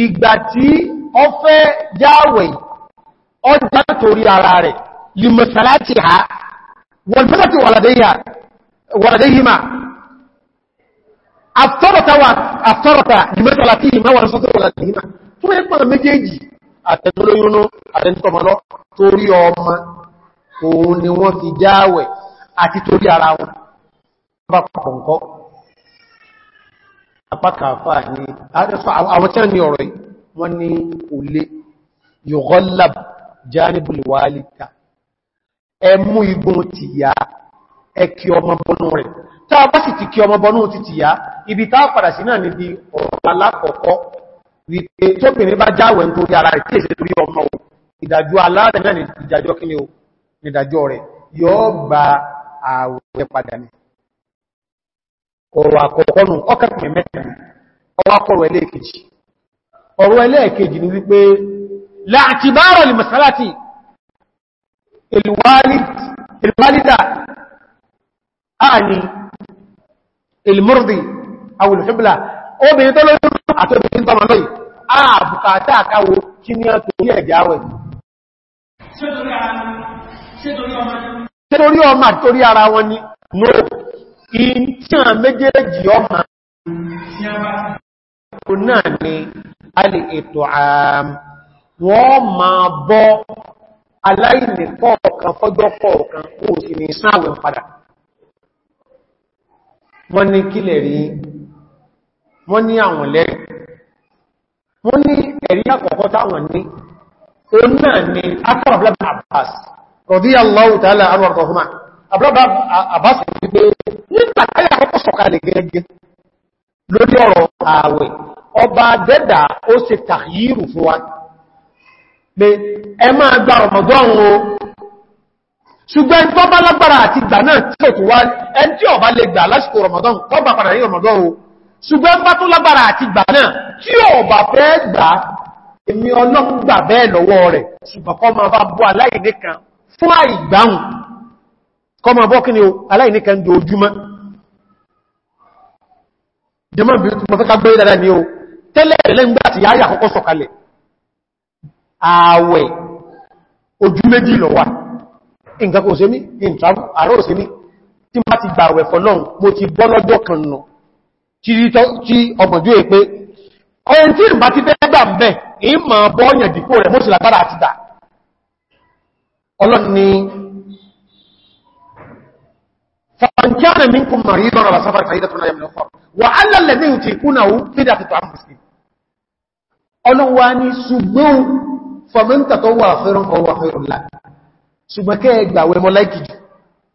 ìgbà tí ọ fẹ́ jáwẹ̀ ọjà torí ara rẹ̀ lìmọ̀sálátì ha wọ̀lmọ́sátì wàlàdéyìmá àtọ́rọ̀ta wà àtọ́rọ̀ta lìmọ̀sálátì ìmá wà sọ́tọ̀ wàlàdéyìmá tó yẹ pọ̀nà méjèèjì àtẹ́tọ́lóyúnú àtẹ́tọ́mọ́lọ́ torí ọmọ òun ni wọ́n apákàáfà ní àwọn tí ní ọ̀rọ̀ wọ́n ní olè yughollab janibul walida ẹmú ya ẹkí ọmọ bọnú rẹ̀ tá a bá sì ti kí ọmọ bọnú ti ti ya ibi tá padà sí náà níbi ọ̀rọ̀ alákọ̀ọ́kọ́ wípé tóbìnrin bá jáwẹ̀ nítorí ara rẹ̀ tí èsẹ̀ torí ọmọ ìdájọ́ aláàrẹ̀ náà ni ìdájọ́ kí ni ìdájọ́ rẹ̀ yóò gba àwẹ̀ padà ni ọ̀rọ̀ àkọ́kọ́ nù ọkàpẹ̀ mẹ́ta ọwọ́ akọ̀rọ̀ ẹlẹ́ẹ̀kejì ọ̀rọ̀ ẹlẹ́ẹ̀kejì ni wípé láàtìbárọ̀ lè masalati ìlúwálìdà ààni ìlúmọ́rọ̀dì àwòlùfẹ́bìlà obìnrin tó lórí àtọ́bìnrin tọ́mọ̀ lórí ààbùkátà àkáwò kí ní ọ̀tọ̀ ní ẹ̀já wẹ̀ ṣe torí ọmọ àti torí ara wọn ni no tí a méjèèjì ọmọ kò náà ni lè ètò àm wọ́n máa bọ́ aláìní kọ̀ọ̀kan fọ́jọ́ kọ̀ọ̀kan kò sì ní sáwẹ̀ padà wọ́n ní kílẹ̀ rí wọ́n ní àwọn lẹ́rí wọ́n ní ẹ̀rí àkọ́kọ́ táwọn ní òun náà ni afọ́rọ̀blábà Abbas radiyallahu ta'ala anhu àrùn sọ̀kalẹ̀ gẹ́gẹ́ lórí ọ̀rọ̀ ààwẹ̀ ọba dẹ́dà ó ṣe tàyírù fún wa pé ẹ máa gba Ramadan o ṣùgbọ́n tó bá lágbára àti ìgbà náà tí ó tó wá ẹn tí ọba lè gbà lásìkò Ramadan tó bá padà ní Ramadan o ṣùgbọ́n bá tó lágbára àti ìgbà náà tí ọba fẹ́ gbà èmi ọlọ́run gbà bẹ́ẹ̀ lọ́wọ́ rẹ̀ ṣùgbọ́n kọ́ máa bá bọ́ aláìníkan fún àìgbáhùn kọ́ máa kí ni o aláìníkan dojúmọ́ jẹmọ́ bí mo fẹ́ ká gbé dada ní o tẹ́lẹ̀ ẹ̀lẹ́gbà ti yáyà kọ́kọ́ sọ̀kalẹ̀ ààwẹ̀ ojú méjì lọ wà nǹkan kò ṣe mí ààrẹ ò ṣe mí tí má ti gbà àwẹ̀ fọ́lọ́n mo ti bọ́ lọ́jọ́ kan nù tí ọmọdé è pé ọyẹn tí ìbá ti fẹ́ gbà mẹ́ ìmọ̀ bọ́ọ̀yàn dìpò rẹ̀ mo sì فمن كان منكم مريضا على سفر فعيدة من أيام الأخرى وعلى الذين يتيقونه فدع في طعام مسكين ọlọ́wání ṣùgbọ́n fọmọ́ntà tó wà fẹ́ràn ọwọ́ fẹ́ràn láà ṣùgbọ́n kẹ́ ẹgbà wẹ́mọ́ láìkì jù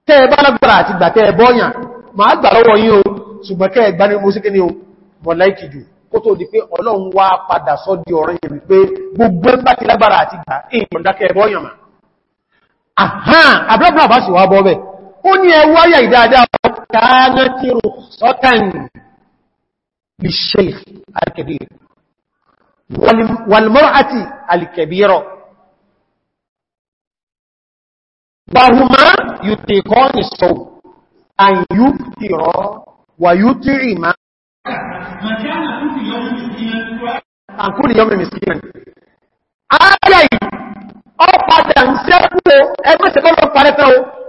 tẹ́ ẹ bá lágbàrà àti gbà tẹ́ ẹ bọ́yàn máa gbà lọ́wọ́ yín o ṣùgbọ́n kẹ́ ẹgbà ní mo sí kíní o mọ̀ láìkì jù kó tó di pé ọlọ́run wá padà sọ di ọ̀rọ̀ yẹn wípé gbogbo ń bá ti lágbàrà àti gbà èèyàn dákẹ́ bọ́yàn mà ó ní ẹwọ́ ayà ìdáadáa káàná tí rò sọ́tàn bí sheikh alkebir walmọ́ràtí alkebirọ wàhùmá yùtẹ̀kọ́ ní sọ àyúkìrọ wà yútìrì máa àkúrì yọ́mì mìsílẹ̀ ayà yìí ọ padà ń sẹ́kú ẹgbẹ́sẹ̀kọ́ lọ parẹ́fẹ́ o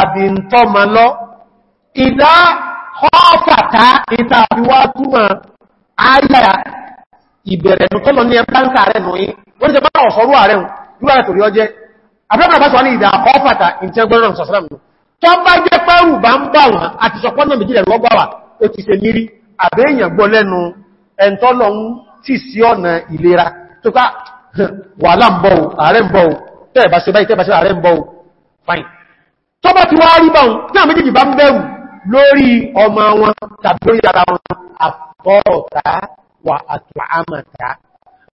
àbí ń tọ́mọ lọ ìdá ọ́fàtà ìta àfiwá túmọ̀ ayà ìbẹ̀rẹ̀ nù tọ́lọ ní ẹgbẹ́ ńkà rẹ̀ nù yí wọ́n jẹ́ bá ọ̀sọ́rú ààrẹ hùn yíwá rẹ̀ torí ọjẹ́ afẹ́kọ̀ọ́ bá sọ ní ìdá ọ́fàtà ìtẹ́gbẹ́rún sọ̀sọ́rọ̀ nù tó bá jẹ́ pẹ́rù bá ń bà wọ́n àti sọpọ́nà méjì rẹ̀ lọ́gbà fine tó bá ti wá rí bá náà bá ń bẹ̀rù lórí ọmọ wọn tàbí lórí ara wọn àfọ́ọ̀tá wà àtùámàtá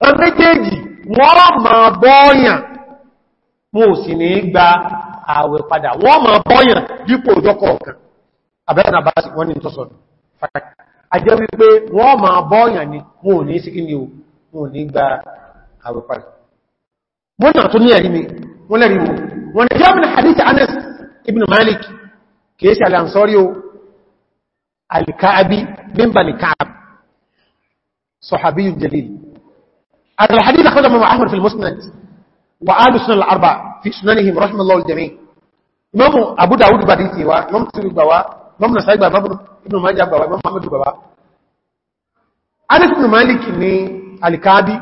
ọmọ méjèèjì wọ́n ma bọ́ọ̀yàn mú sí ní gba àwẹ̀ padà wọ́n ma bọ́ọ̀yàn dípò ìjọkọ̀ ọ̀kan ní wípé ni ni ibn malik kìí sí alànsọ́rí o alka'abi mímbà ni ka'ab sahabiyun jalil al-hadith akhraja imam ahmad fi al-musnad wa ahlu sunan al-arba fi sunanihim rahimallahu al-jami' imam abu daud bá dìtì wa imam tirmidhi gbà wá imam nasa'i gbà wá ibn majah gbà wá imam ahmad gbà wá anas ibn malik ni alka'abi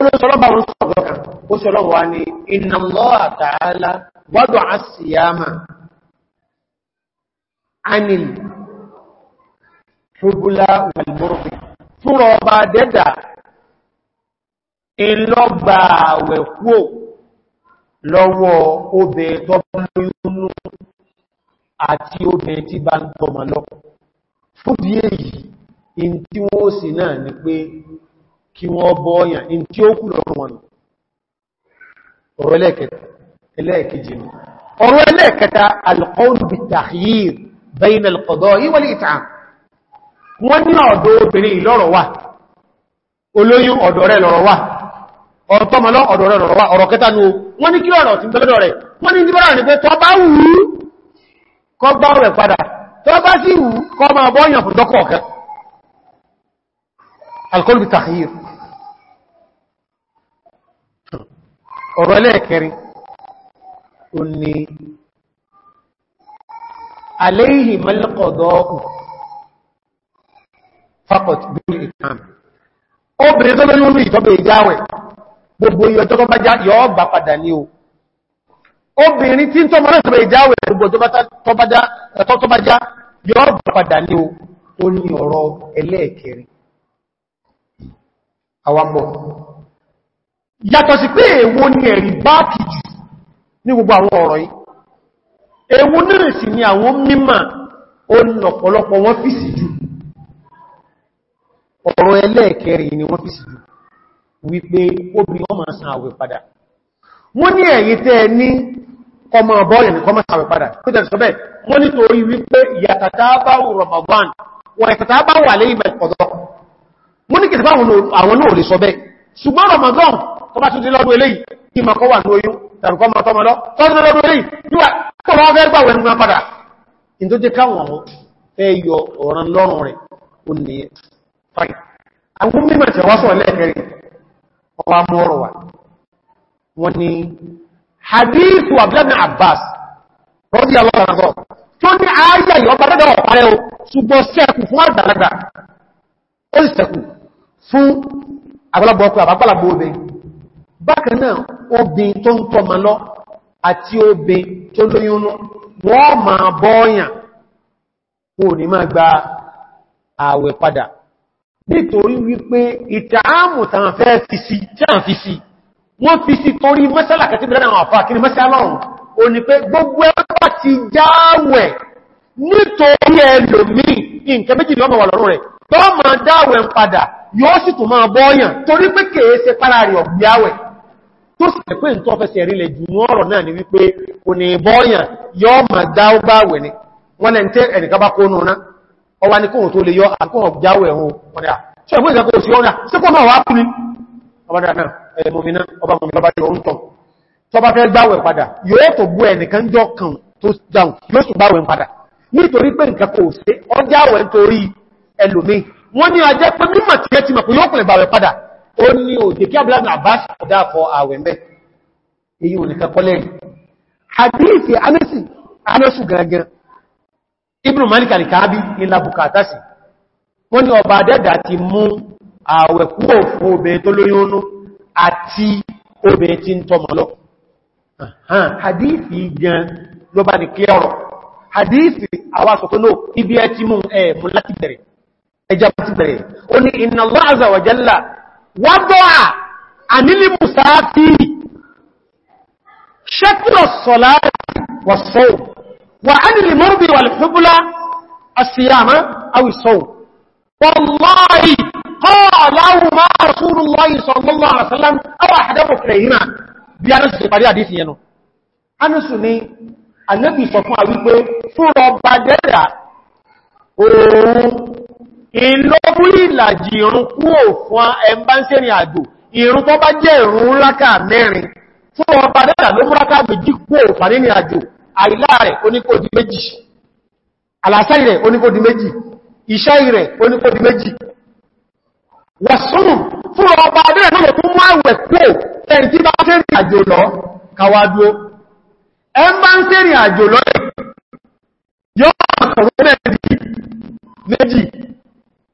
olóṣọ́lọ́bà wọn sọ̀rọ̀ kan ó ṣọ́lọ́wà ni inna allaha ta'ala wada'a as-siyama anil ṣubula walmurfi fúnra ọba dẹ́dà ìlọ́gbà àwẹ̀ kúò lọ́wọ́ obè tọ́bọ̀lúyúnú àti obè tí bá ń tọmọ lọ fúdí èyí in tí wọ́n sì náà ni pé kí wọ́n bọ́ ọ̀yàn in tí ó kù lọ́rùn wọn ọ̀rọ̀ ẹlẹ́ẹ̀kẹta ọ̀rọ̀ ẹlẹ́ẹ̀kẹta alqawl bitakhir bẹ́yìn alkọ̀dọ̀ ìwọlé ìtàn wọ́n ní ọ̀dọ̀ obìnrin ìlọ́rọ̀ wà olóyún ọ̀dọ̀ rẹ̀ lọ́rọ̀ wà ọ̀tọ́mọlọ́ ọ̀dọ̀ rẹ̀ lọ́rọ̀ wà ọ̀rọ̀ kẹta ní wọ́n ní kí ọ̀rọ̀ tí bẹ́lọ́dọ̀ rẹ̀ aléhì mẹ́lẹ́kọ̀ọ́dọ́ fakọ̀t bí ìtàn obìnrin tó lórí orí ìtọ́bẹ̀ ìjáwẹ̀ gbogbo iye ọjọ́ tó bá já yọ́ bà padà ní o obìnrin tí tó mọ́rán ìtọ́bẹ̀ ìjáwẹ̀ gbogbo ọjọ́ tó bá já yọ́ bà padà ní o ó ní ọ̀rọ̀ ewu náà sì ni àwọn mímọ̀ olùlọ̀pọ̀lọpọ̀ wọ́n fi sí jù ọ̀rọ̀ ẹlẹ́ẹ̀kẹrin ni wọ́n fi sí jù wípé obìnrin ọmọ san àwẹ̀ padà wọ́n ní ẹ̀yí tẹ́ ní kọmọ bọ́ọ̀yẹ̀ ní kọmọ sàwẹ̀ padà tó tẹ̀ sọ́bẹ̀ wọ́n nítorí wípé yàtàtà bá Ramadan wọ́n yàtàtà bá wà ní tàbíkọ́ mọ́ tọ́mọ́ lọ tọ́dún lọ́dún rí níwà tó wọ́n fẹ́ gbà wẹ̀rùn padà in tó jẹ́ káwọn ọmọ fẹ́ yọ ọ̀ràn lọ́rùn rẹ̀ ó ní wa wọ́n hadithu abdullahi abbas rọ́dí alọ́rọ̀ tó ní ayé ìyọba dẹ́dọ̀ ọ̀parẹ́ o ṣùgbọ́n sẹ́kù fún àgbàlagbà ó sì sẹ́kù fún àgbàlagbà ọkọ̀ àbágbàlagbà obìnrin bákan obìn tó ń tọ́mà lọ àti obìn tó lóyúnú wọ́n ma bọ́ọ̀yàn kò ní máa gba ààwẹ̀ padà nítorí wípé ìtààmù tàn fẹ́ fi sí tàn fi sí wọ́n fi sí torí mọ́sálà kàtí bẹ̀rẹ̀ àwọn àfà kí ni mọ́sálà ọ̀run o ní pé gbogbo ẹgbà ti jáwẹ̀ nítorí ẹlòmíì nǹkan méjì lọ́mọ̀ wà rẹ̀ tó máa dáwẹ̀ padà yóò sì tún máa bọ́ọ̀yàn torí pé kèése pára rẹ̀ ọ̀gbíáwẹ̀ tó sì pé n tó fẹsẹ̀ rí lẹ̀ jù ní ọ̀rọ̀ náà ni wípé kò ní bọ́ọ̀yàn yọ́ ma dáúbáwẹ̀ ni wọ́n lẹ́n tẹ́ ẹnìkan bá kó núna ọwá ní kóhùn tó lè yọ àkóhùn jáwẹ̀ ẹ̀hùn ọ̀dá ṣe ẹ̀gbọ́n ìjẹ́kọ́ òsì ọ̀dá sí kó máa wá kú ní ọbádà náà ẹ̀mọ̀mìnà ọba mọ̀mìnà bá jẹ́ oúntọ̀ mímọ̀ tí ẹ ti mọ̀ pé yóò pẹ̀lẹ̀ gbáwẹ̀ padà ó ní òjè kí abúlé àbáṣì ọ̀dá àkọ àwẹ̀ mẹ́ èyí ò nìkan kọ́lẹ̀ hadithi anẹ́sì anẹ́sù gara ibùn malika ní káàbí ilá bukata sí wọ́n ní ọba dẹ́dà ti mú àwẹ̀ kúrò fún obìnrin tó lóyúnú àti obìnrin tí ń hadithi gan ló bá hadithi àwọn asọ̀tọ́lò ibi ẹ ti mú ẹ̀ mú láti bẹ̀rẹ̀ ó ní inna وضع عن المسافر شكل الصلاة والصوم وعن المرض والحبلى الصيام أو الصوم والله قالوا ما رسول الله صلى الله عليه وسلم أو أحدهم كريما bí anẹ́sù ti parí àdísì yẹnu anẹ́sù ni anẹ́bì sọ ìlọ́bú ìlàjì ìrún kúrò fún ẹmbá ń sẹ́rìn àjò ìrún tó bá jẹ́ ìrún rákà mẹ́rin fún ọba dẹ́dà ló mú rákà méjì kúrò fàní ní àjò àìlá rẹ̀ oníkòdí méjì àlàsáì rẹ̀ oníkòdí méjì ìṣáì rẹ̀ oníkòdí méjì wàsúnù fún ọba dẹ́dà ló tún mú àwẹ̀ kúrò fẹ́ni tí méjì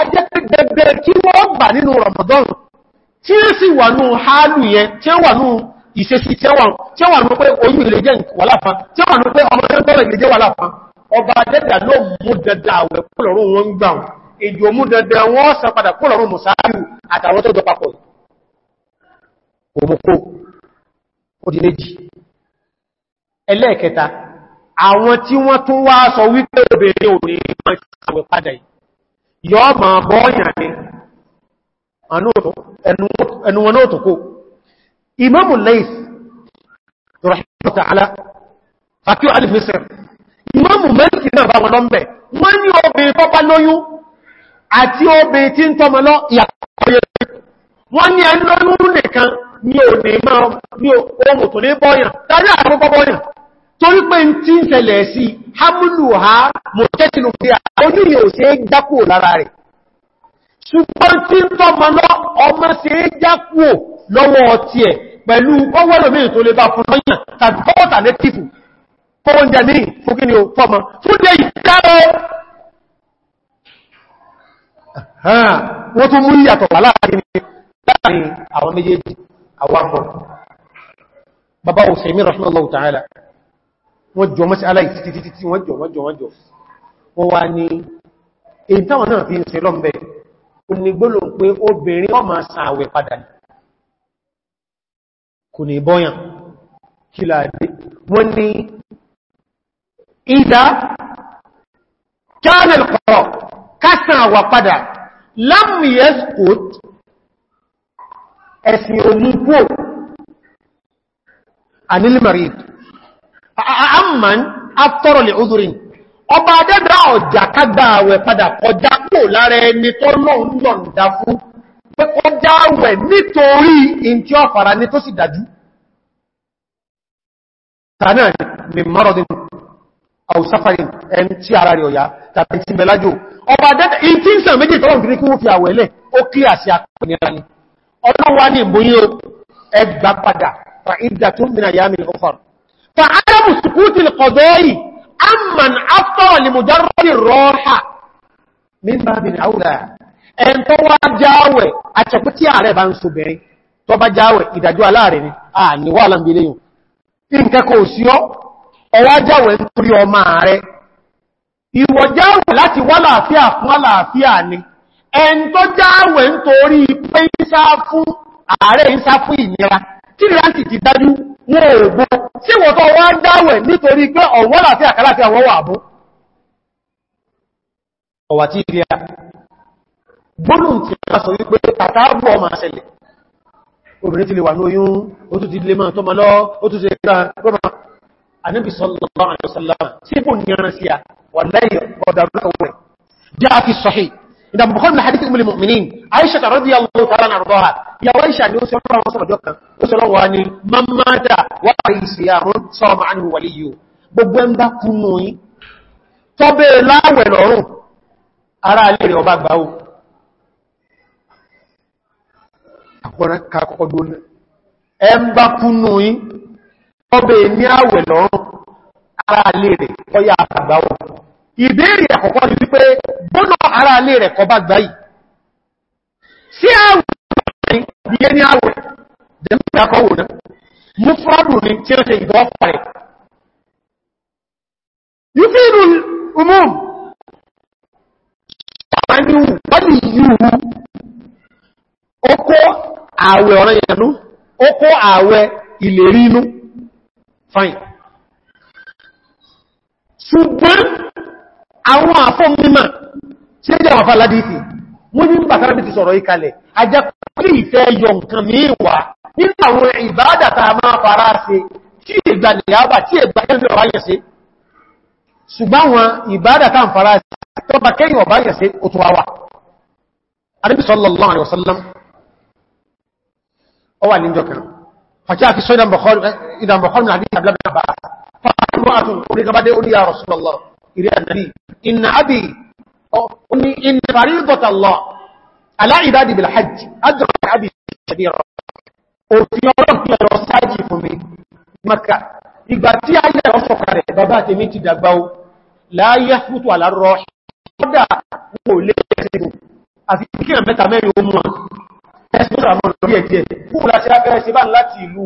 ajẹ́pẹ́ gbẹgbẹ́ tí wọ́n bà nínú Ramadan tí ó sì wà ní hálù yẹn tí ó wà ní ìṣesí tí ó wà ní pé oyún ilé jẹ́ wà láfá tí ó wà ní pé ọmọ ẹgbẹ́rẹ̀ ilé jẹ́ wà láfá ọba adẹ́dà ló mú dada àwẹ̀ kúlọ̀rún wọn gbà èdè mú dada wọ́n sọ padà kúlọ̀rún mùsáàlù àtàwọn tó jọ papọ̀ òmùkó ó di méjì ẹlẹ́ẹ̀kẹta àwọn tí wọ́n tún wá sọ wípé obìnrin òní ìpàdà yìí yọ́ ma bọ́ọ̀yà ní ẹnuwọn náà tókó imamu Lays rahimahullahu ta'ala àti alifisir imamu Málíkì náà bá wọn lọ́m̀bẹ̀ wọ́n ní obìnrin tọ́pá lóyún àti obìnrin tí ń tọ́mọ lọ ìyàkọ́yẹ wọ́n ní ẹni lóyún nìkan ní òní máa ní ohun tó ní bọ́ọ̀yà tàbí àkọ́kọ́ bọ́ọ̀yà torí ń tí ń ṣẹlẹ̀ sí hamluha mọ̀tẹ́sìlú fi ojú yóò ṣe é jákò lára rẹ̀ ṣùgbọ́n tí ń tọ́mọ lọ ọmọ ṣe é jákò lọ́wọ́ ọtí ẹ̀ pẹ̀lú ọwọ́lòmí tó lè bá fún lọ́yàn tàbí kọ́wọ́ta lẹ́tífù kọ́wọ́n jẹ́ ní fókíní fọ́mọ fún dé ìkáró wọ́n tún mú ìyàtọ̀ wà láàrin àwọn méjèèjì àwọn akọ̀ bàbá òṣèmí rahimahullahu ta'ala wọ́n jọ mọ́sí aláì títítítí wọ́n jọ wọ́n jọ wọ́n jọ wọ́n wá ní èyí táwọn náà fi ń ṣe lọ́m̀bẹ̀ o ní gbólò pé obìnrin ọmọ sàwẹ̀ padà kò ní bọ́yàn kí láàdé wọ́n ní ìdá kánil kọ̀rọ̀ kásán àmàn afọ́rọ̀lẹ̀ ọdúrin ọba adẹ́dà ọjà kágbà àwẹ̀ padà kọjá kò lára ẹni tó lọ́ndà fún pé kọjá àwẹ̀ nítorí in tí ó fara ní tó sì dájú tànà ní márọ̀dín àwùsáfàrin ẹn tí ara rẹ̀ ọ̀yá tàbí tí mẹ́lájò ọba adẹ́dà in tí فعدم سكوت القضاء أمن أفطر لمجرد الراحة من باب أولى ẹn tó wá jáwẹ̀ àtẹ̀kú tí ààrẹ bá ń sobìnrin tó bá jáwẹ̀ ìdájọ́ aláàrin ni a ní wà lámbí léyìn ìǹkẹ́kọ̀ òsí ọ́ ọwá jáwẹ̀ nítorí ọmọ ààrẹ ìwọ̀ jáwẹ̀ láti wá láàfíà fún aláàfíà ni ẹn tó jáwẹ̀ nítorí pé ń sá fún ààrẹ ń sá fún ìnira tí ìrántì ti dájú wọn ò bó tí wọ́n tó wá ń dáwẹ̀ nítorí pé ọ̀wọ́ láti àkàláfí àwọn wà bó ọ̀wà tí ìrìà gbónùn tí a sọ wípé àtàbù ọmọ àṣẹlẹ̀ obìnrin ti lè wà lóyún ó tún ti lè máa tọ́mọ lọ ó tún ti rà gbọ́mà anábì sallallahu alaihi wasallam ìdá bukọ́lù na hadith umul mu'minin aisha radiyallahu ta'ala na rọ̀dọ́ha ya wá ìṣà ni ó sì rọ̀rọ̀ wọn sọ̀rọ̀ jọ́kan ó sì rọ̀wọ́ ni mamata wà ìṣẹ́ yàrún sọ́rọ̀ ma ánìwò wàlí yìí gbogbo ẹ̀ ń bá kúnnú yí tọ́bẹ̀ láwẹ̀ lọ́rùn ara ìbéèrè àkọ́kọ́ ni wípé bọ́nà ara alé rẹ̀ kọ bá gbá yìí sí àwọ̀ ìyẹ́ ní àwọ̀ jẹ́mọ̀ náà mú fọ́dù ní tí ó ṣe ìgbọ́ ọ̀pàrẹ̀ yìí fi inú fine ṣùgbọ́n àwọn àfọ́ mímọ̀ tí ó jẹ́ àwọn aládìsì wọ́n ní bàtàrà bí ti sọ̀rọ̀ ìkalẹ̀ àjẹ́kọ́lì ìfẹ́ yọ nǹkan míwà nínú àwọn ìbádàtà máa fara ṣe tí ìgbà nìyàbà tí ìgbà ẹ̀rọ ayẹ̀ṣe ṣùgbọ́n wọn ìbádàtà ń fara ṣe tó bá kẹ́yìn ọ̀bá ayẹ̀ṣe ó tó wáwà Ànábì sallallahu alaihi wasallam ó wà níjọ kan fàkí àti sọ ìdàmbọ̀kọ́ ìrẹ́ ànàbí iná àbí oní iná farí gọ́tàlọ́ aláìbádìí bil hajj adọ́rọ̀ àbí ṣàbíọ̀rọ̀ òfin ọlọ́run tí ẹ̀rọ sáájì fún mi maka ìgbà tí a yẹ̀rọ sọ̀kàrẹ̀ bàbá àtẹ̀mí ti dàgbà o láyé fútù àlárọ̀ ọ̀dà wò lè ṣẹ́gun àti kíkẹ́ mẹ́ta mẹ́rin ó mú wọn ẹ̀sùn ìràmọ́ bá láti ìlú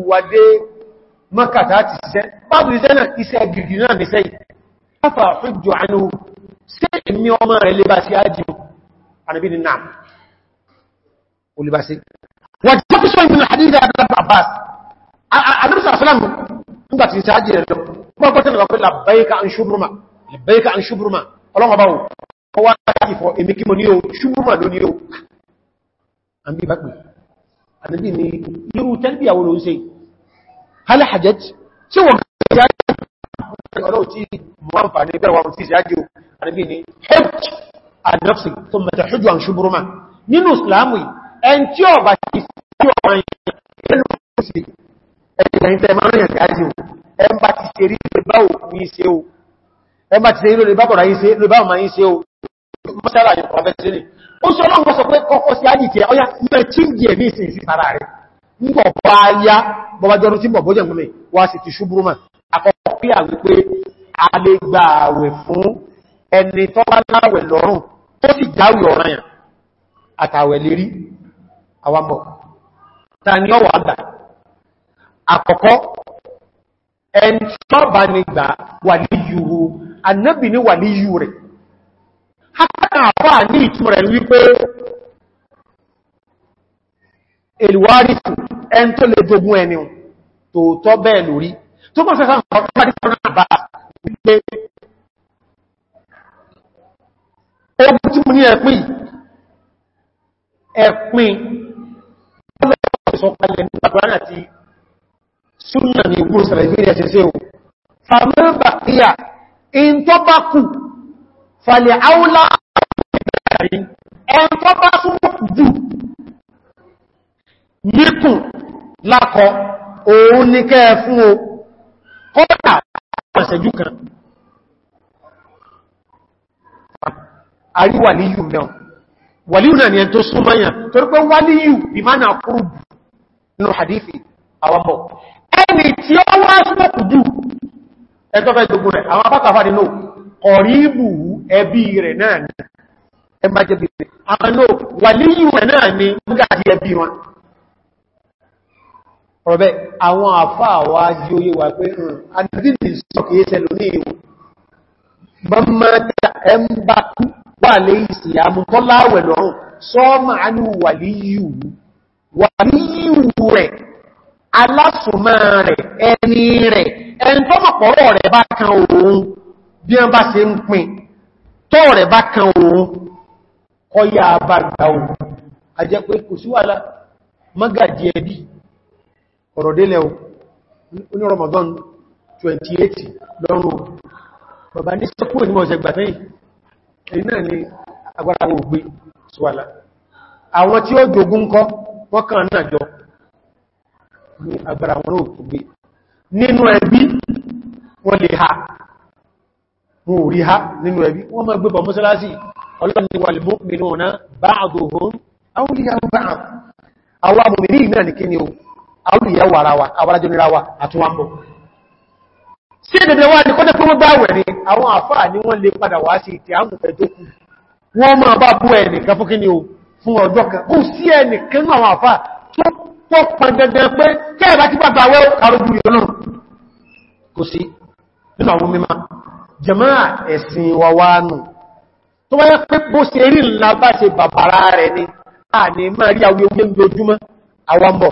náà iṣẹ́ gidi náà nìṣẹ́ yìí afà hujju anu se èmi ọmọ rẹ̀ lè bá sí ájì ànàbí ni náà o lè bá sí wàjí wọ́pí sọ ibn ìmìnà àdíjá àbábás àdúrísà àṣílámù nígbà tí sí ájì rẹ̀ lọ gbọ́gbọ́tẹ̀ lọ pé labbaika an shubruma labbaika an shubruma ọlọ́wọ́ báwo ó ko wá láti fọ èmi kí mo ní o shubruma ló ní o àbí bá pè ànàbí ni irú tẹ́lbíyàwó ni yuru talbiya wo lo se hal hajaj tí wo ọlọ́ọ̀tí mọ́ǹfà ní bẹ̀rẹ̀ wọn tí ìṣájú àríbí ni hajj adọ́psì tó mẹ́ta hujjú àwọn ṣubúrúmà nínú islamu ẹn tí ó bá ti sí ọ̀rọ̀ ó ṣe ọlọ́run sọ pé kọ́kọ́ sí ájìtì ọya mẹ́ tí ń jẹ́ ní ìsìn ìsìn sára rẹ̀ ń bọ̀ bá yá bọ́bájọ́rú tí bọ̀ bójẹ̀ múlẹ̀ wá sí ti ṣubúrúmà àkọ́kọ́ pí à wípé a lè gba àwẹ̀ fún ẹni tó bá láwẹ̀ lọ́rùn tó sì jáwì ọ̀ranyàn àtàwẹ̀ lérí àwàmọ̀ ta ni ọwà àgbà àkọ́kọ́ ẹni tó bá ní gbà wà ní yúhu annabi ni wà ní yú rẹ̀ tòótọ́ bẹ́ẹ̀ lórí tó kọ́ sẹ́sàn ọ̀pàdé ọ̀nà bá wípé ẹgbùn tí mo ní ẹ̀pìn ẹ̀pìn ọlọ́pàá ìsọ̀kalẹ̀ nígbàgbọ́n àti súnà ní ìgbò sàrẹ̀gbẹ̀rẹ̀ ṣẹṣẹ́ o fàmílbà kíyà in tó bá kù fàlẹ̀ áúlá ẹn tó bá súnmọ̀ jù níkùn lákọ òun ní kẹ́ fún o kọ́dà pàṣẹjú kan àrí wàlíyù náà wàlíyù náà ni ẹn tó súnmọ́yàn torí pé wàlíyù bí máa náà kúrò bù nínú hadithi àwọmọ̀ ẹni tí ó wá súnmọ́kù jù ẹjọ́fẹ́ gbogbo rẹ̀ àwọn apákàfà nínú kọ̀ríbù ẹbí rẹ̀ náà ni ẹ ọ̀rọ̀bẹ́ àwọn àfáà wá jí oyé hmm, wà pé àdídì sọ́kìí ṣẹlò ní ìwò bá mẹ́ta ẹmbà kú wà lè ìsì àmútọ́láwẹ̀ lọ́rùn sọ́ọ́mà ánú wà ní yíwú wà ní yíwú rẹ̀ alásùnmá rẹ̀ ẹni rẹ̀ ẹni tó mọ̀pọ̀rọ̀ rẹ̀ ẹbí ọ̀rọ̀ délẹ̀ oní Ramadan 28 lọ́rùn bàbá ní sọ́kúrò ní ọ̀sẹ̀ gbà fẹ́yìn èyí náà agbára wọn swala. àwọn tí ó jogún kọ́ wọ́n náà jọ ní agbára wọn ògbé nínú ẹbí wọ́n lè ha wọn rí ha nínú ẹbí wọ́n gbé bọ̀ lè mọ́ àwòrìyẹ wà e e ara wa àwárajọ wa àtúnwàmọ́ sí ẹ̀dẹ̀dẹ̀ wà ní kọ́dẹ̀ fún gbá wẹ̀ ní àwọn àfáà ní wọ́n lè padà wá sí ìtì àmùfẹ́ tó kù wọ́n máa bá bú ẹnìkan fún kíni o fún ọjọ́ kan kú sí ẹnìkan ní àwọn àfáà tó pọ̀ pàdẹ̀dẹ̀ pé tẹ́ẹ̀bá ti bàbá wẹ́ karójú rẹ̀ náà kò wáyé pé bó ṣe rí ńlá bá ṣe bàbára rẹ̀ ni a ní máa rí awuyewuye lójúmọ́ àwọn mọ̀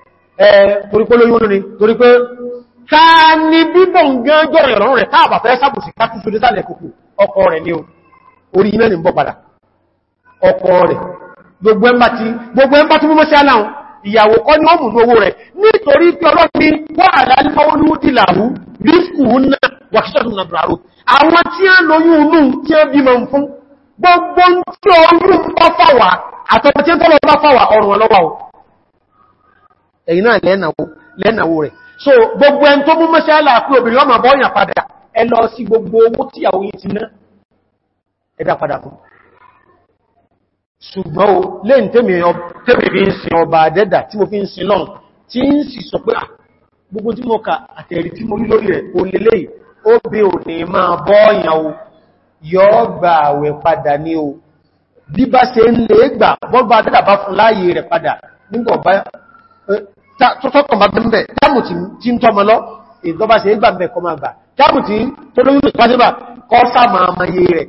torípólóyún ní torí pé ká ní bíbọ̀ gánjọ́ rẹ̀ lọ́rùn rẹ̀ táàbà fẹ́ sàbòsí ká túnṣù lẹ́sàlẹ̀ kòkò ọkọ rẹ̀ ní orí iná ní bọ́ padà ọkọ rẹ̀ gbogbo ẹmbá tí mímọ́ sí aláhùn ìyàwó kọ́ ní ọmù owó rẹ̀ nítorí pé ọlọ́pí wà àlálífọ́wọ́lúwúdìláhù rífkù húnná wàkíṣọ́tún nà bùràrù àwọn tí a lóyún inú tí a bímọ fún gbogbo tí ọrún ọfàwà àtọ́tí tọ́lọ bá fàwà ọrùn ọlọ́wà ẹ̀yìn náà lẹ́nàwó lẹ́nàwó rẹ̀ so gbogbo ẹn tó mú mọ́ṣálà pé obìnrin ọmọ bọ́yàn padà ẹ lọ sí gbogbo owó tí àwọn yìí ti ná ẹ̀dá padà fún ṣùgbọ́n o lẹ́yìn tẹ́mì fi ń sin ọba àdẹ́dà tí mo fi ń sin lọ́n tí ń sì sọ pé ah, gbogbo tí mo kà àtẹ̀rí tí mo rí lórí rẹ̀ o lélẹ̀ ó bí ò ní máa bọ́ọ̀yàn o yọ́ gbà àwẹ̀ padà ní o bí bá ṣe ń lè gbà bọ́gbà àdẹ́dà bá fún láàyè rẹ̀ padà nígbọ̀ tọ́tọ́kọ̀ bá bẹ́m̀bẹ̀ táàmù tí ń tọ́mọ lọ ìdọ́bá ṣe gbà mẹ́ kọmọ àgbà táàmù tí tó lórí ìpàṣẹ́bà kọ́ sáàmà àmàyè rẹ̀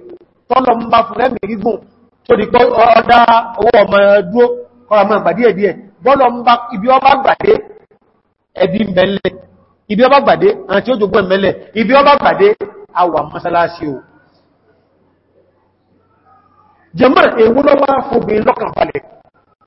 tọ́lọ ń bá fún lẹ́mì gígùn tó di pọ́ ọdá owó ọmọ ẹdúó kọ́ra mọ́ ìgbàdíẹ̀ díẹ̀ bọ́lọ ń bá ibi ọba gbàdé ẹbí mẹ́lẹ̀ ibi ọba gbàdé àti ojògbọ́ mẹ́lẹ̀ ibi ọba gbàdé àwà mọ́sálásí o jẹ́mọ́ èwo lọ́wọ́ fòbin lọ́kàn balẹ̀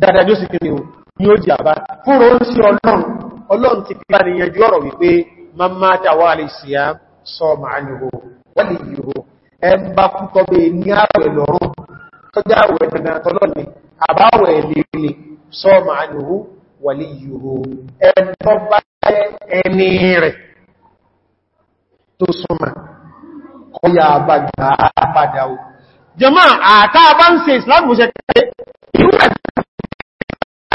dáadáa yóò sì kí ni o ni ó di àbá fúnra ó ń sí ọlọ́run ọlọ́run ti fi bá ni yanjú ọ̀rọ̀ wípé máa tàwà alẹ́ ìsìyà sọ màá nìho wọ́n lè yìí ẹ bá kú tọ́bẹ̀ ní ààwẹ̀ lọ́rùn tọ́já àwẹ̀ wà lè yìí ẹ tọ́ bá ẹni rẹ̀ tó súnmà kọ́yà àbájá padà o jẹ́mọ́ àtàbá ń ṣe ìsìlámù ṣe kẹ́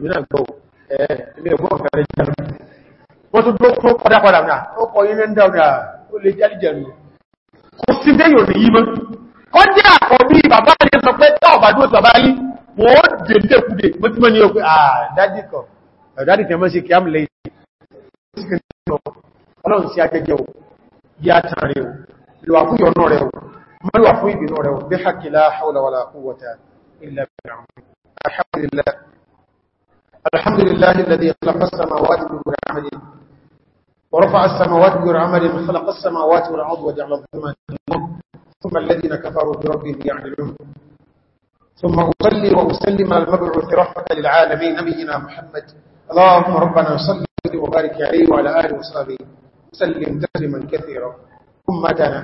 èmi náà gbọ́ ẹ̀ẹ́mí ẹ̀gbọ́n kẹrẹ jẹun wọ́n tún tó kọ́dá padà náà ó kọ ilé ń dáadà ó lè jẹ́ àlìjẹ̀rù kò sí déyò ní yímọ́ ó jẹ́ àkọ̀bí bàbá rẹ̀ sọ pé tọ́ ọ̀bà dúró bàbá yí wọ́n dèdèkúdè mọ́tímọ́ ní ọkọ̀ àdájíkọ̀ ẹ̀dájíkẹ̀ mọ́ sí kíám lẹ́yìn ọlọ́run sí ajẹ́jẹ́ o yá tàn rẹ̀ o lọ́wà fún yọ̀nà الحمد لله الذي خلق السماوات بغير عمل ورفع السماوات بغير عمل خلق السماوات والارض وجعل الظلمات ثم الذين كفروا بربهم يعدلون ثم أصلي وأسلم على المبعوث رحمة للعالمين نبينا محمد اللهم ربنا صل وبارك عليه وعلى آله وصحبه وسلم تسليما كثيرا أمتنا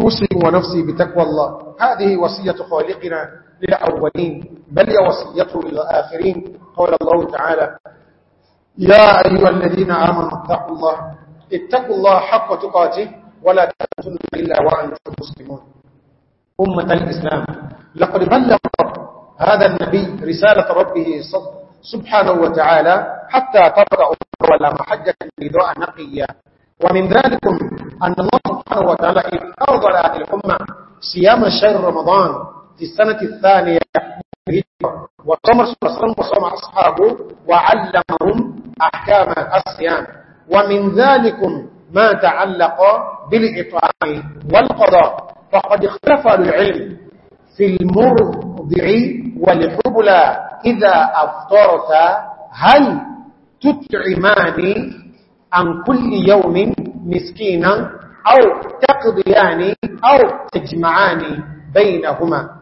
أوصي ونفسي بتقوى الله هذه وصية خالقنا للأولين بل وصيته إلى الآخرين قال الله تعالى يا أيها الذين آمنوا اتقوا الله اتقوا الله حق تقاته ولا تأتون إلا وأنتم مسلمون أمة الإسلام لقد بلغ هذا النبي رسالة ربه سبحانه وتعالى حتى تبرأ ولا محجة لدعاء نقية ومن ذلك أن الله سبحانه وتعالى أرضى لأهل الأمة صيام شهر رمضان في السنة الثانية وصوم رسول الله وصام أصحابه وعلمهم أحكام الصيام ومن ذلك ما تعلق بالإطعام والقضاء فقد اختلف العلم في المرضع والحبلى إذا أفطرت هل تطعمان عن كل يوم مسكينا أو تقضيان أو تجمعان بينهما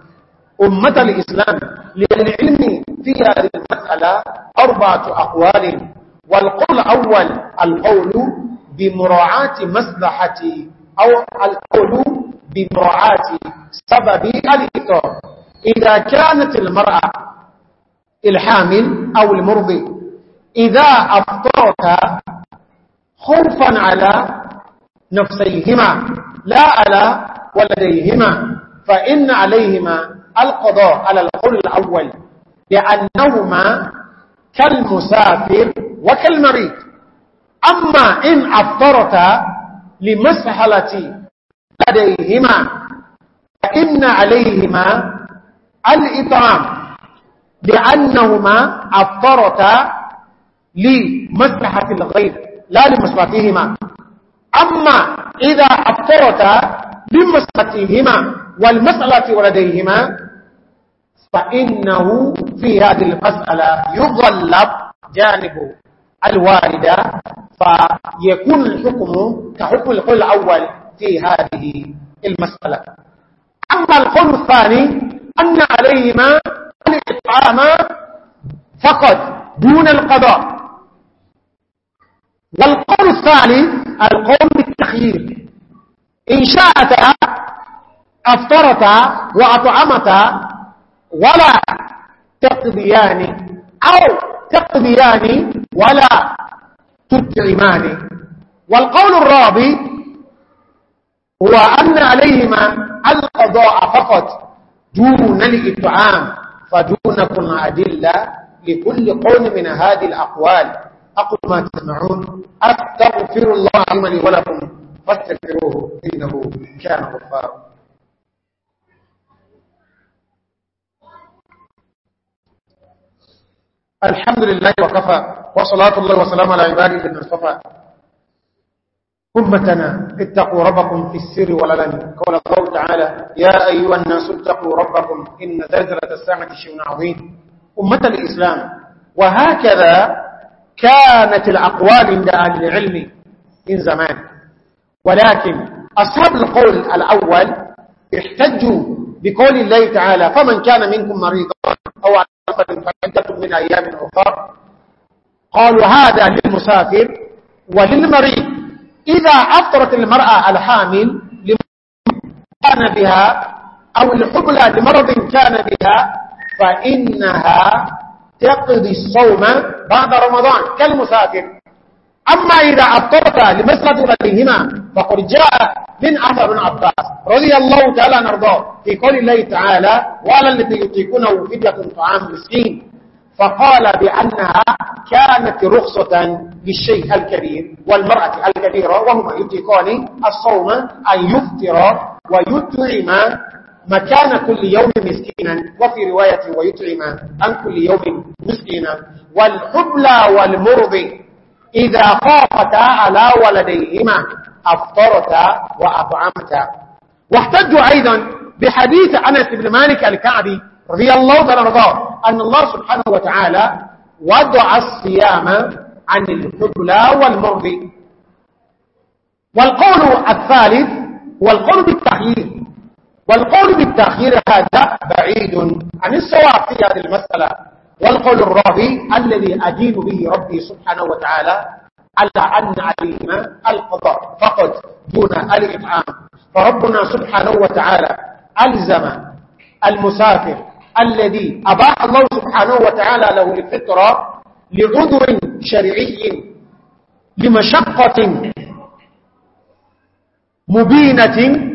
أمة الإسلام للعلم في هذه المسألة أربعة أقوال والقول الأول القول بمراعاة مصلحة أو القول بمراعاة سبب الإطار إذا كانت المرأة الحامل أو المرضي إذا أفطرت خوفا على نفسيهما لا على ولديهما فإن عليهما القضاء على القول الأول لأنهما كالمسافر وكالمريض أما إن أفضرت لمسحلة لديهما فإن عليهما الإطعام لأنهما أفضرت لمسحة الغير لا لمسحتهما أما إذا أفضرت بمسألتهما والمسألة ولديهما فإنه في هذه المسألة يغلب جانب الواردة فيكون الحكم كحكم القول الأول في هذه المسألة أما القول الثاني أن عليهما الإطعام فقط دون القضاء والقول الثالث القول بالتخيير إن شاءت أفطرت وأطعمت ولا تقضيان أو تقضيان ولا تطعمان والقول الرابع هو أن عليهما القضاء فقط دون الإطعام فدونكم أدلة لكل قول من هذه الأقوال أقول ما تسمعون أستغفر الله لي ولكم فاستغفروه إنه كان غفارا الحمد لله وكفى وصلاة الله وسلام على عباده بن اصطفى أمتنا اتقوا ربكم في السر والعلن قول الله تعالى يا أيها الناس اتقوا ربكم إن زلزلة الساعة شيء عظيم أمة الإسلام وهكذا كانت الأقوال عند أهل العلم من زمان ولكن أصحاب القول الأول احتجوا بقول الله تعالى فمن كان منكم مريضا أو على سفر فعدة من أيام أخر قالوا هذا للمسافر وللمريض إذا أفطرت المرأة الحامل كان بها أو الحبلة لمرض كان بها فإنها تقضي الصوم بعد رمضان كالمسافر أما إذا أطرت لمسرة بينهما فقد جاء من أثر بن عباس رضي الله تعالى نرضاه في قول الله تعالى وعلى الذي يطيقونه فدية طعام مسكين فقال بأنها كانت رخصة للشيخ الكبير والمرأة الكبيرة وهما يطيقان الصوم أن يفطر ويطعم مكان كل يوم مسكينا وفي رواية ويطعم عن كل يوم مسكينا والحبلى والمرضي إذا خافتا على ولديهما أفطرتا وأطعمتا واحتجوا أيضا بحديث أنس بن مالك الكعبي رضي الله تعالى رضاه أن الله سبحانه وتعالى وضع الصيام عن الخدلى والمرضي والقول الثالث والقول بالتخيير والقول بالتخيير هذا بعيد عن الصواب في هذه المسألة والقول الرابع الذي أدين به ربي سبحانه وتعالى على أن عليهما القضاء فقط دون الإطعام فربنا سبحانه وتعالى ألزم المسافر الذي أباح الله سبحانه وتعالى له الفطرة لعذر شرعي لمشقة مبينة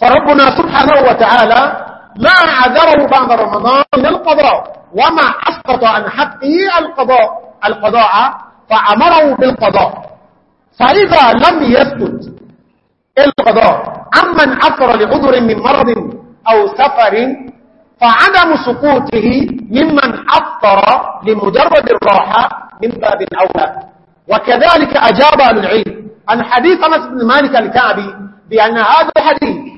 فربنا سبحانه وتعالى ما عذره بعد رمضان من القضاء وما أسقط عن حقه القضاء القضاء فأمره بالقضاء فإذا لم يسقط القضاء عمن أثر لعذر من مرض أو سفر فعدم سقوطه ممن أثر لمجرد الراحة من باب أولى وكذلك أجاب العلم عن حديث أنس بن مالك الكعبي بأن هذا الحديث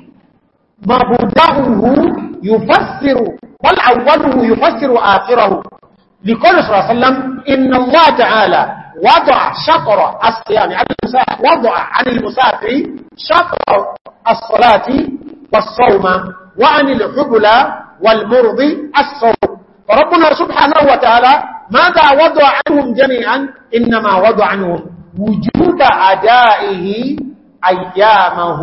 مبدأه يفسر بل أوله يفسر آخره لقول صلى الله عليه وسلم إن الله تعالى وضع شطر الصيام عن المسافر وضع عن المسافر شطر الصلاة والصوم وعن الحبلى والمرض الصوم فربنا سبحانه وتعالى ماذا وضع عنهم جميعا إنما وضع عنهم وجود أدائه أيامه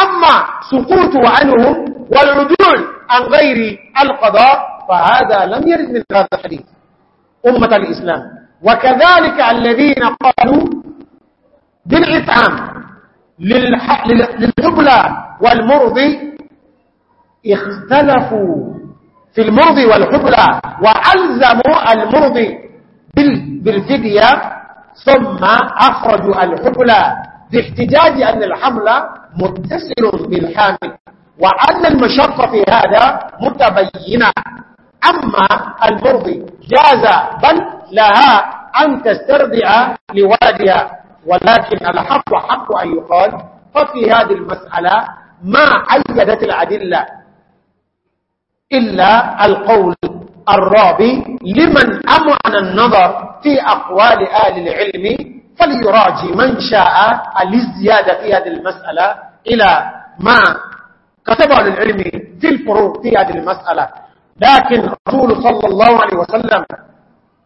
أما سقوط عنه والعدول عن غير القضاء فهذا لم يرد من هذا الحديث أمة الإسلام وكذلك الذين قالوا بالإطعام للحبلة والمرضي اختلفوا في المرضي والحبلة وألزموا المرضي بالفدية ثم أخرجوا الحبلة باحتجاج أن الحمل متصل بالحامل وأن المشقة في هذا متبينة أما المرضي جاز بل لها أن تسترضع لولدها ولكن الحق حق أن يقال ففي هذه المسألة ما أيدت الأدلة إلا القول الرابي لمن أمعن النظر في أقوال آل العلم فليراجي من شاء الازدياد في هذه المسألة إلى ما كتبه للعلم في الفروق في هذه المسألة لكن رسول صلى الله عليه وسلم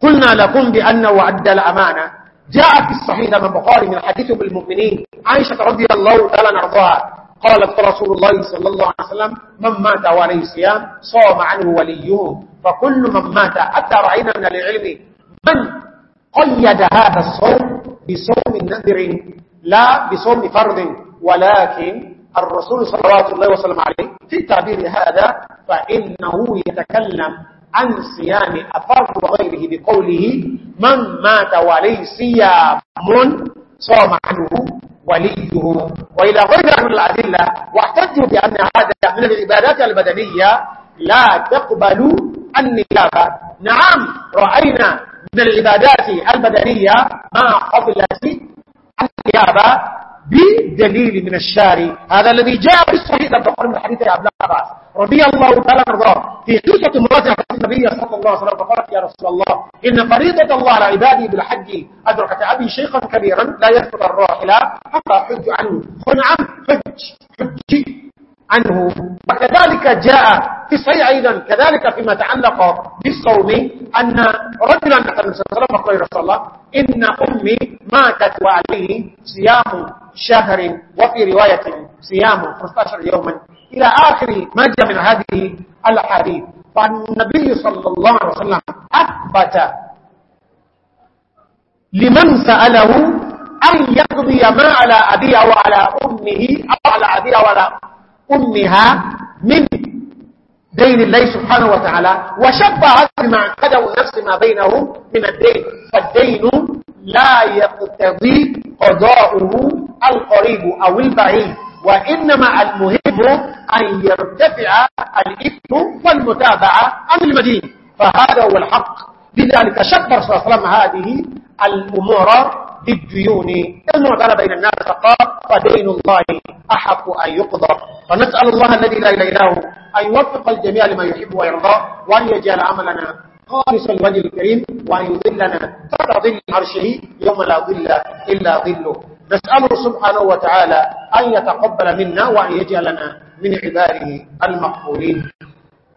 قلنا لكم بأنه وعد الأمانة جاء في الصحيح من بخاري من حديث بالمؤمنين عائشة رضي الله تعالى نرضاها قالت رسول الله صلى الله عليه وسلم من مات وعليه صيام صام عنه وليه فكل من مات حتى رأينا من العلم من قيد هذا الصوم بصوم نذر لا بصوم فرض ولكن الرسول صلوات الله وسلم عليه في التعبير هذا فإنه يتكلم عن صيام أفرض وغيره بقوله من مات ولي صيام صام عنه وليه وإلى غير من الأدلة واحتجوا بأن هذا من العبادات البدنية لا تقبل النيابة نعم رأينا من العبادات البدنية ما قبلت الثيابة بدليل من الشارع هذا الذي جاء في الصحيح من حديث عبد الله عباس رضي الله تعالى عنه في قصة مراجعة النبي صلى الله عليه وسلم فقالت يا رسول الله إن فريضة الله على عبادي بالحج أدركت أبي شيخا كبيرا لا يفضل الراحلة حتى حج عنه قل نعم حج حجي عنه وكذلك جاء في الصحيح أيضا كذلك فيما تعلق بالصوم أن رجلا نحن سلام قال رسول الله إن أمي ماتت وعليه صيام شهر وفي رواية صيام 15 يوما إلى آخر ما جاء من هذه الحديث فالنبي صلى الله عليه وسلم أثبت لمن سأله أن يقضي ما على أبيه وعلى أمه أو على أبيه وعلى أمها من دين الله سبحانه وتعالى وشبه بما قدوا النفس ما بينهم من الدين فالدين لا يقتضي قضاؤه القريب أو البعيد وإنما المهم أن يرتفع الإثم والمتابعة عن المدين فهذا هو الحق لذلك شبر صلى الله عليه وسلم هذه الأمور بالديون إن غلب بين الناس فقال فدين الله أحق أن يقضى فنسأل الله الذي لا إله إلا هو أن يوفق الجميع لما يحب ويرضى وأن يجعل عملنا خالص الوجه الكريم وأن يذلنا تحت ظل عرشه يوم لا ظل إلا ظله نسأله سبحانه وتعالى أن يتقبل منا وأن يجعلنا من عباده المقبولين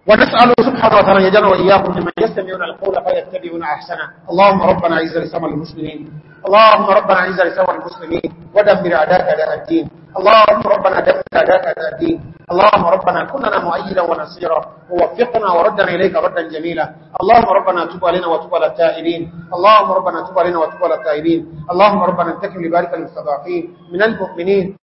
ونسأل سبحانه وتعالى يجعل وإياكم ممن يستمعون القول فيتبعون أحسنه اللهم ربنا عز لسوى المسلمين اللهم ربنا عز لسوى المسلمين ودمر أعداءك على الدين اللهم ربنا دمر أعداءك على الدين اللهم ربنا كننا مؤيدا ونصيرا ووفقنا وردنا إليك ردا جميلا اللهم ربنا تب علينا وتب على التائبين اللهم ربنا تب علينا وتب على التائبين اللهم ربنا انتكم لبارك المستضعفين من المؤمنين